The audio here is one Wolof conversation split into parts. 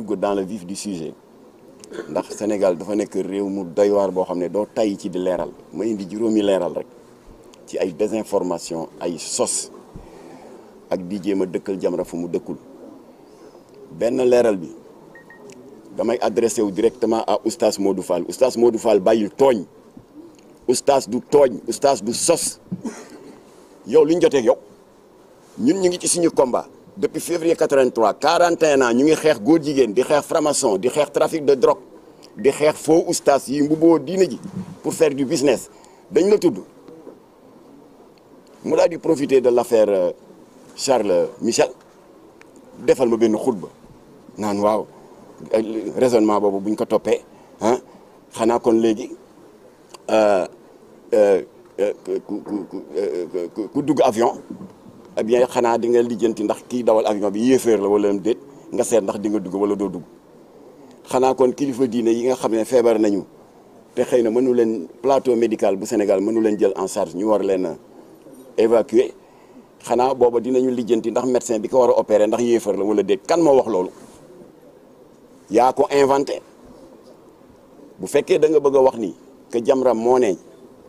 dugg dans le vif du sujet ndax Sénégal dafa nekk réew mu doy waar boo xam ne doo tay ci di leeral ma indi juróomi leeral rek ci ay désinformation ay sos ak di jéem a dëkkal Jamra fu mu dëkkul benn leeral bi damay adressé wu directement à oustaz Modou Fall oustaz Modou Fall bàyyil tooñ oustaz du tooñ oustaz du sos yow luñ ñu jotee yow ñun ñu ngi ci suñu komba depuis février 83 41 ans ñu ngi xeex góor jigéen di xeex franc di xeex trafic de drogue di xeex faux oustas yi mbubboo diina ji pour faire du business dañ la tudd mu daal di profiter de l'affaire euh, Charles euh, Michel defal ma benn xutba naan waaw raisonnement boobu buñ ko toppee ah xanaa kon léegi euh, ku dugg avion eh bien xanaa di nga lijjanti ndax ki dawal avion bi yéeféer la wala déet nga seet ndax di nga dugg wala doo dugg xanaa kon kilifa diine yi nga xam ne feebare nañu te xëy na mënu leen plateau médical bu Sénégal mënu leen jël en charge ñu war leen a évacuer xanaa booba dinañu lijjanti ndax médecin bi ko war a opérer ndax yéefar la wala déet kan moo wax loolu yaa ko inventé bu fekkee da nga bëgg a wax ni que Jamra moo ne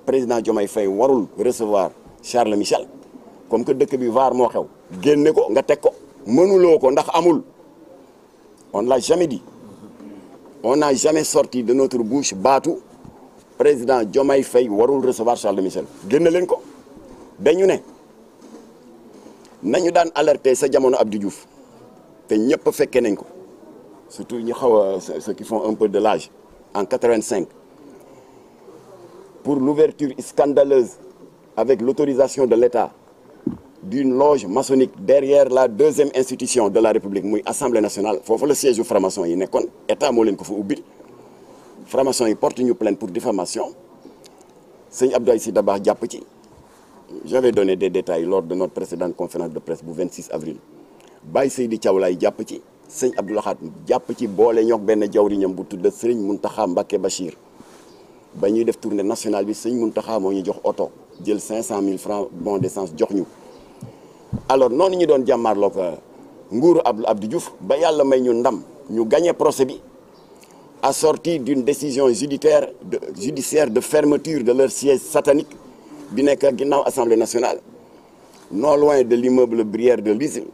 président Diomaye Faye warul recevoir Charles Michel comme que dëkk bi vaar moo xew génne ko nga teg ko mënuloo ko ndax amul on l'a jamais di on n'a jamais sorti de notre bouche baatu président Diomaye Faye warul recevoir Charles Michel génne leen ko dañu ne nañu daan alerte sa jamono Abdou juuf te ñëpp fekkee nañ ko surtout ñu xaw a ceux qui font un peu de lage en 85 pour l'ouverture scandaleuse avec l'autorisation de l'État d'une loge maçonnique derrière la deuxième institution de la République muy assemblée nationale foofu la siège u franc-maçon yi nekkoon état moo leen ko fa ubbil franc-maçon yi porte ñu plainte pour diffamation sëñ Abdoulaye Sy Dabakh jàpp ci j'avais donné des détails lors de notre précédente conférence de presse bu 26 avril Baye Seydi Thiaw Laye jàpp ci sëñ Abdou Lahad jàpp ci boole ñoog benn jawriñam bu tudd sëñ Mountakha Mbacké Bachir ba ñuy def tournée nationale bi sëñ Mountakha moo ñu jox oto jël 500 000 francs bon d'essence jox ñu alors noonu ñu doon jàmmaarloog euh, nguuru Abdou Abdou Diouf ba yàlla may ñu ndam ñu gagné procès bi sorti d'une décision judiciaire de judiciaire de fermeture de leur siège satanique bi nekk ginnaaw assemblée nationale non loin de l'immeuble Brière de l'Isle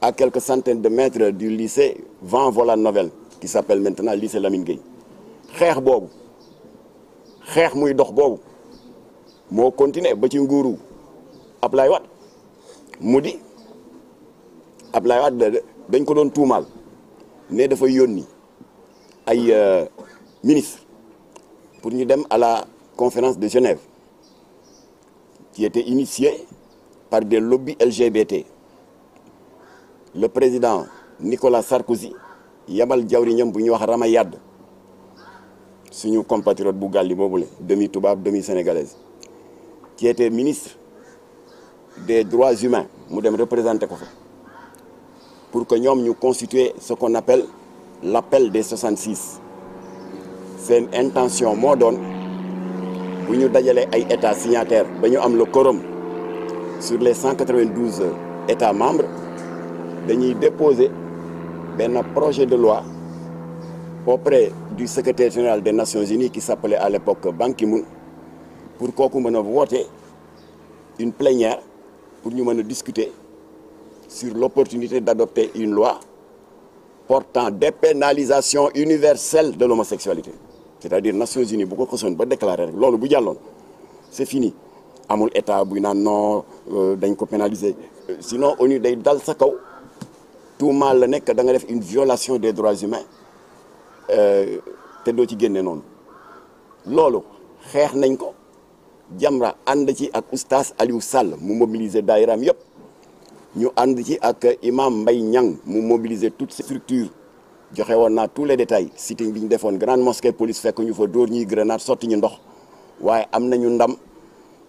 à quelque centaines de mètres du lycée Van Vollenhoven qui s'appelle maintenant lycée Lamine Gueye xeex boobu xeex muy dox boobu moo continuer ba ci nguuru Ablaye Wade mu di Abdoulaye Wade dañ ko doon tuumaal ne dafa yónni ay euh, ministre pour ñu dem à la conférence de Genève qui était par des lobbies LGBT le président Nicolas Sarkozy yabal jawriñam bu ñuy wax Rama yàdd suñu compatriote bu boobu le demi tubaab demi sénégalaise qui était ministre des droits humains mu dem représenté ko pour que ñoom ñu constituer ce qu'on appelle l'appel des 66 seen intention moo doon bu ñu dajalee ay états signataires ba ñu am le quorum sur les 192 états membres dañuy déposer benn projet de loi auprès du secrétaire général des Nations Unies qui s'appelait à l'époque Ban Ki-moon pour kooku mën a voter une plénière pour ñu mën a discuter sur l'opportunité d'adopter une loi portant dépénalisation universelle de l'homosexualité c'est-à-dire Nations Unies bu ko ko soon ba déclarer loolu bu jàlloon c'est fini amul état buy naan noo euh, dañ ko pénaliser euh, sinon ONU day dal sa kaw tout mal la nekk da nga def une violation des droits humains euh, te doo ci génne noonu loolu xeex nañ ko Jamra ànd ci ak oustaz Aliou Sall mu mobiliser daayiraam yëpp ñu ànd ci ak imam mbay Niang mu mobiliser toute ces joxe woon naa tous les détails sitting bi ñu defoon grande mosquée police fekk ñu fa dóor ñuy grenade sotti ñu ndox waaye am na ñu ndam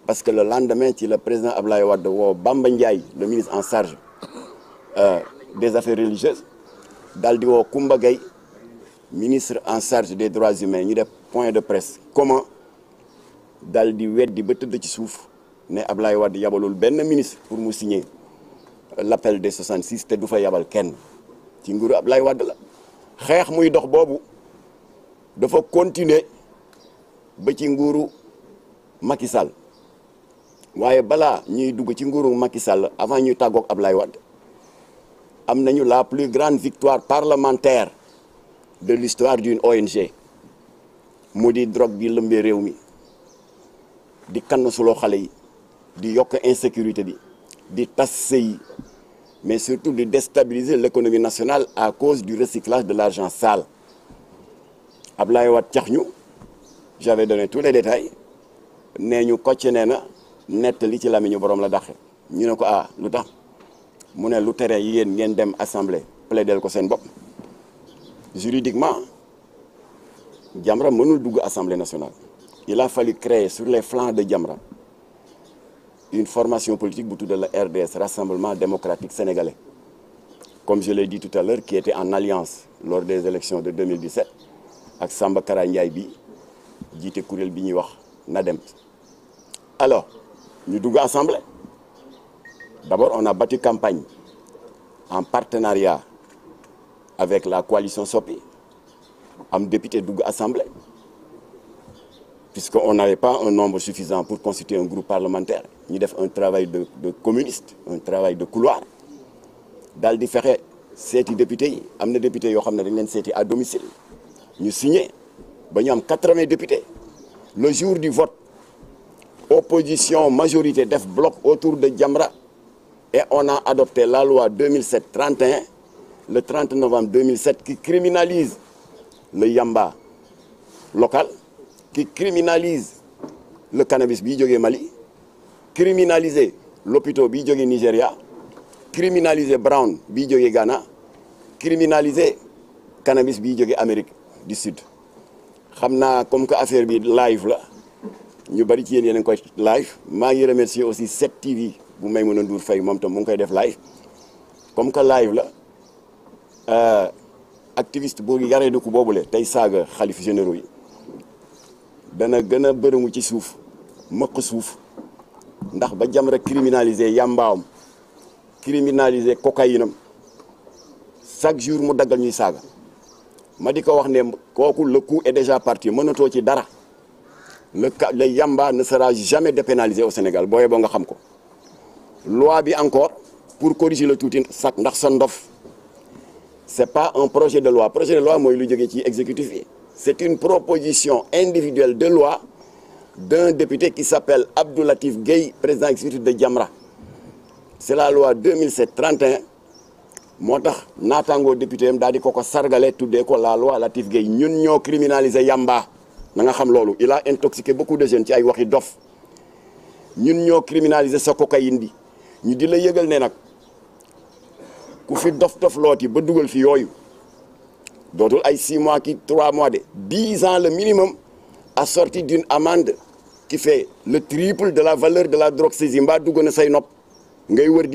parce que le lendemain ci le président Ablaye Wade woo Bamba Ndiaye le ministre en charge euh, des affaires religieuses daal di woo Koumba Gueye ministre en charge des droits humains ñu def point de presse comment dal di weddi ba tëdd ci suuf ne Ablaye wadd yabalul benn ministre pour mu signer l'appel des 66 te du fa yabal kenn ci nguuru Ablaye wadd la xeex muy dox boobu dafa continuer ba ci nguuru Macky Sall waaye balaa ñuy dugg ci nguuru Macky Sall avant ñuy tàggoog Ablaye Wade am nañu la plus grande victoire parlementaire de l'histoire d'une ONG mu di drogue bi lëmbee réew mi di kann suloo xale yi di yokk insécurité bi di tas sëy mais surtout di déstabiliser l'économie nationale à cause du recyclage de l'argent sale Ablaye Wade cax ñu j'avais donné tous les détails nee ñu kocc nee na nettali ci làmmiñu borom la daxe ñu ne ko ah lu tax mu ne lu tere yéen ngeen dem assemblée del ko seen bopp juridiquement Jamra mënul dugg assemblée nationale il a fallu créer sur les flancs de Jamra une formation politique bu de la RDS Rassemblement démocratique sénégalais comme je l'ai dit tout à l'heure qui était en alliance lors des élections de 2017 ak Samba Kara Ndiaye bi jiite kuréel bi ñuy wax na NADEM alors ñu dugg assemblée d'abord on a bati campagne en partenariat avec la coalition Sopi am député dugg assemblée puisqu'on n'avait pas un nombre suffisant pour constituer un groupe parlementaire ñu def un travail de de communiste un travail de couloir daal di fexe seeti député yi am na député yoo xam ne dañ leen seeti à domicile ñu signé ba am quatre-vingts députés le jour du vote opposition majorité def bloc autour de Jamra et on a adopté la loi 2007 31 le 30 novembre 2007 qui criminalise le yamba local qui criminalise le cannabis bi jógee Mali criminaliser Lopito bi jógee Nigéria criminaliser Brown bi jógee Ghana criminaliser cannabis bi jóge Amérique du Sud xam naa comme que affaire bi live la ñu bari ci yéen yéen a ngi koy live maa ngi remercier aussi 7TV bu may Maïmouna Ndour fay moom tam mu ngi koy def live comme que live la euh, activiste boo yaree dëkk boobule tey saaga xalif généraux yi dana gën a bërëngu ci suuf mëq suuf ndax ba jam rek yàmbaawam criminalisé cocaïne am chaque jour mu daggal ñuy saaga ma di ko wax ne kooku le coup est déjà parti mënatoo ci dara le cas le yamba ne sera jamais dépénalisé au Sénégal booyee boo nga xam ko loi bi encore pour corriger le tuuti sax ndax sa ndof c'est pas un projet de loi projet de loi mooy lu jógee ci exécutif yi C'est une proposition individuelle de loi d'un député qui s'appelle Abdoulatif Gueye, président exécutif de Jamra. C'est la loi 2007-31 moo tax naataangoo député am daal di ko ko sargale tuddee ko la loi Latif Gueye ñun ñoo criminaliser yamba nanga xam loolu il a intoxiqué beaucoup de jeunes ci ay waxi dof ñun ñoo criminaliser sa cocaïne ñu di la yëgal ne nag ku fi dof dof looti ba dugal fi yooyu dootul ay 6 mois ki 3 mois de 10 ans le minimum assorti d'une amende qui fait le triple de la valeur de la drogue saisie mbaa dugg na say nopp ngay wër